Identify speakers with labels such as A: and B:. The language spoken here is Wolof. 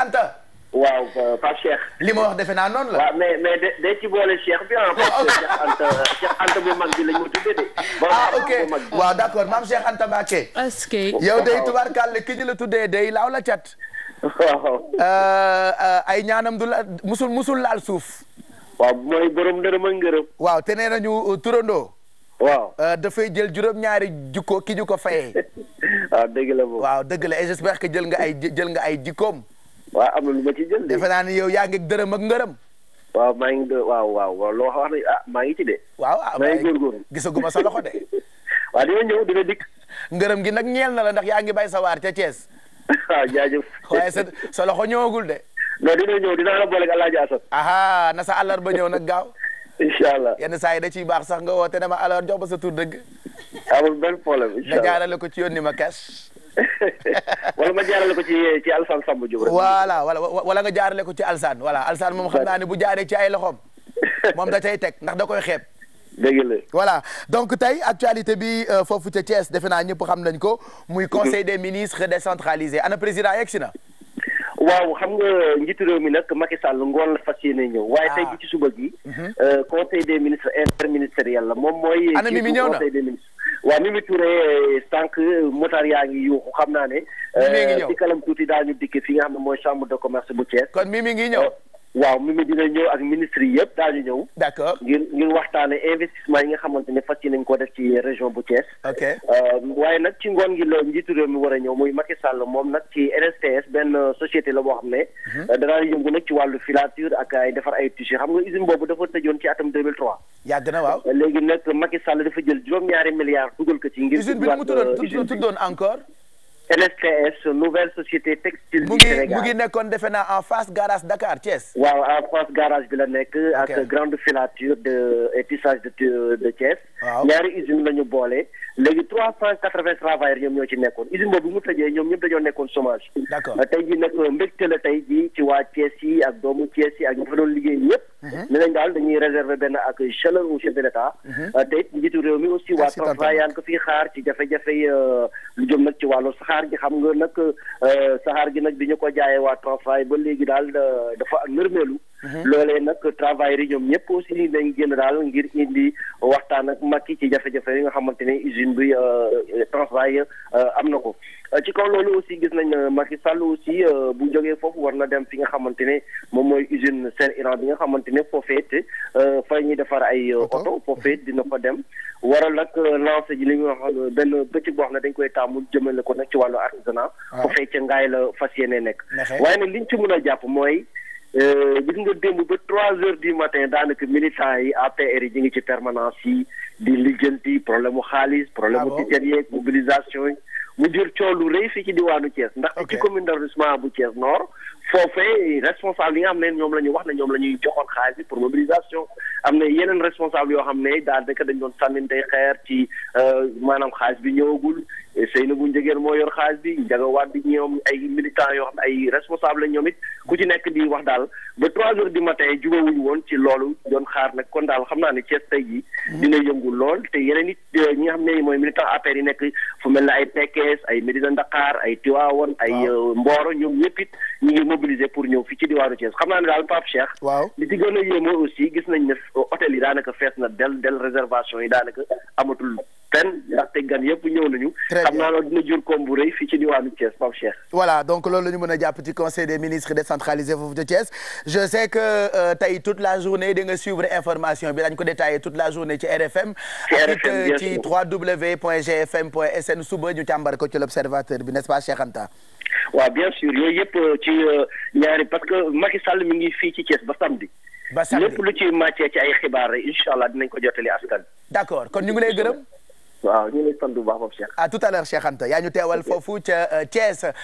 A: Anta. waaw euh, Pape li ma wax defe naa noonu la. waaw bu ma tuddee de. ah ok waaw d' accord maam Cheikh Anta Mbacké. askey yow day tubaarkàlle ki ñu la tuddee day laaw la cat. waaw. Euh, euh, ay ñaanam du la musul laal suuf. waaw mooy borom ndërëm ak waaw te nee nañu turandoo. waaw dafay jël juróom-ñaari jikko ki ñu ko fayee. Ah, waaw dëgg jël nga ay jël nga ay jikkoom. waaw am na lu ma ciy jël de. yow yaa ngi dërëm ak ngërëm. waaw maa ngi ah, maa ngi ci de. waaw ah maa ngi góorgóorlu gisaguma sa loxo de. waaw dina ñëw dina dikk. ngërëm gi nag ñeel na la ndax yaa ngi bay sa waar ca Thiès. waaw jaajëf. waaye sa sa loxo ñëwagul de. non dina ñëw dina la boole ak El Hadj na sa ba ñëw nag gaaw. incha allah yenn saa yi da ci baax sax nga woote ne ma alors jox ba sa tur dëgg. amul benn jaarale ko ci yónni ma cash.
B: wala ma jaarale ko ci ci Alsaan Samb Diop rek. voilà
A: wala wala nga jaarale ko ci Alsaan voilà Alsaan moom xam naa ne bu jaaree ci ay loxoom moom da cay teg ndax da koy xeeb. dëgg la voilà donc tey actualité bi euh, foofu ca Thiès defe naa ñëpp xam nañ ko. muy mhm. conseil des ministres décentralisé ana président yegg si na. waaw
B: xam nga njiitu réew mi nag Macky Sall ngoon la fas yéene ñëw. waaye ah. tey ji ci
A: suba gi. Mhm. Euh,
B: conseil des ministres interministériel la moom mooy. ana mi mi ñëw na conseil des ministres. waaw Mimi Touré sànq motar yaa ngi yuuxu xam naa ne. mi ngi euh, ñëw ci kanam tuuti daañu fi nga xam ne mooy chambre de commerce bu Thiès. kon mi mi ngi ñëw. Euh, waaw mi ngi dina ñëw ak ministre yi yëpp daañu ñëw. d' accord ngir ngir waxtaanee investissement yi nga xamante ne fas yéene nañ ko def ci région bu Thiès. ok euh, waaye nag ci ngoon gi la njiitu réew mi war a ñëw muy Macky Sall moom nag ci RSTS benn société la boo xam ne. Mhm. Euh, danaa yëngu nag ci wàllu filature ak ay defar ay tissu xam nga usine boobu dafa tëjoon ci atam 2003. yàgg na waaw euh, léegi nag Macky Sall dafa jël juróom-ñaari milliards dugal ko ci. ngir usine bi mu tuddoon tuddoon encore. NSTS nouvelle société textile du Sénégal mu ngi
A: nekkoon defe naa en face garage Dakar Thiès. waaw en face garage
B: bi la nekk. ak grande filature de et tissage de de Thiès. waaw ñaari usine la ñu boole. léegi trois cent quatre vingt travailleurs ñoom ñoo ci nekkoon usine boobu mu tëjee ñoom ñëpp dañoo nekkoon chômage. d'accord tey jii nag euh, mbégte la tey jii ci waa Thiès yi ak doomu Thiès yi ak ñu fa doon liggéey ñëpp. Mhm. ne nañ daal dañuy réservé benn accueil chaleureux au mhm. euh, réew mi aussi waa Transva yaa ngi ko fiy ci jafe-jafe euh, lu wàllu saxaar saxaar xam nga nag euh, saxaar gi nag bi ñu ko jaayee waa ba léegi daal euh, dafa nërmeelu. Mhm. loolee nag travailleurs yi ñoom ñëpp aussi dañ génn daal ngir indi waxtaan ak Macky ci jafe-jafe yi nga xamante ne usine bi euh, Transvaal am na ko. ci kaw loolu aussi gis nañ Macky Sall aussi bu jógee foofu war na dem fi nga xamante ne moom mooy usine Seniran bi nga xamante ne foofee te fa ñuy defar ay oto foofee dina fa dem. waral nag euh, lancé ji li ñu wax euh, benn bëccëg boo xam ne dañ koy taamu jëmale ko nag ci wàllu artisanat. waaw ah. bu fekkee ngaay la fas yéene nekk. waaye nag liñ ci mën a jàpp mooy. Euh, gis nga démb bët trois heures du matin daanaka militants yi APR yi ñu ngi ci permanence yi di lijjanti problème mu xaalis. problème mu ah yeeg mobilisation yi. mu jur coow lu rëy fii ci diwaanu Thiès. ndax ci commune d'arrondissement bu Thiès Nord. foofee responsable yi nga xam ne ñoom la ñu wax ne ñoom la ñuy joxoon xaalis bi pour mobilisation am na yeneen responsable yoo xam ne daal daanaka dañ doon sànnintey xeer ci euh, maanaam xaalis bi ñëwagul Seyna bu njëgeen moo yor xaalis bi njagawaat bi ñoom ay militants yoo xam ne ay responsable la ñoom it ku ci nekk di wax daal ba trois heures du matin jubawuñ woon ci loolu doon xaar nag kon daal xam naa ne Thiès tey jii mm. dina yëngul lool te yeneen it euh, ñi nga mooy militant APR yi nekk fu mel ne ay Pekes ay Médina Dakar ay Tivaouane ay euh, Mboro ñoom ñëpp it ñu ngi mobiliser pour ñëw fi ci diwaanu Thiès xam naa ne daal Pape Cheikh. waaw li ci a yéemoo aussi gis nañ ne hôtel yi daanaka fees na del del réservation yi daanaka amatul pen ndaxte gan yëpp ñëw nañu. xam naa loolu dina jur koom bu rëy fi ci diwaanu Thiès Pape Cheikh.
A: voilà donc loolu la ñu mën a jàpp ci conseil des ministres décentralisé foofu de Thiès je sais que euh, tey toute la journée da nga suivre information bi dañ ko détaillé toute la journée ci RFM. ci RFM ci www.gfm.sn suba ñu càmbar ko ci l'observateur bi n'est-ce Anta.
B: waaw bien sûr yooyu yëpp euh, ci euh, ñaari parce que Macky Sall mi ngi fii ci Thiès ba samedi. ba samedi lépp lu ci màccee ci ay xibaar rek incha allah dinañ ko jotali askan d'accord kon ñu ngi lay gërëm. a ñu ngi lay sant bu baax moom Cheikh.
A: à tout à yaa ñu teewal foofu ca euh, Thiès.